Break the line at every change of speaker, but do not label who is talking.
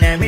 happiness.